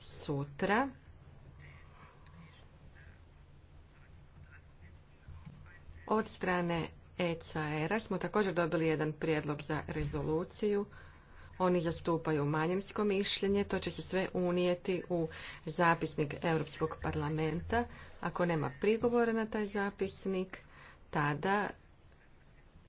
sutra. Od strane ECR-a smo također dobili jedan prijedlog za rezoluciju. Oni zastupaju manjinsko mišljenje, to će se sve unijeti u zapisnik Europskog parlamenta. Ako nema prigovora na taj zapisnik, tada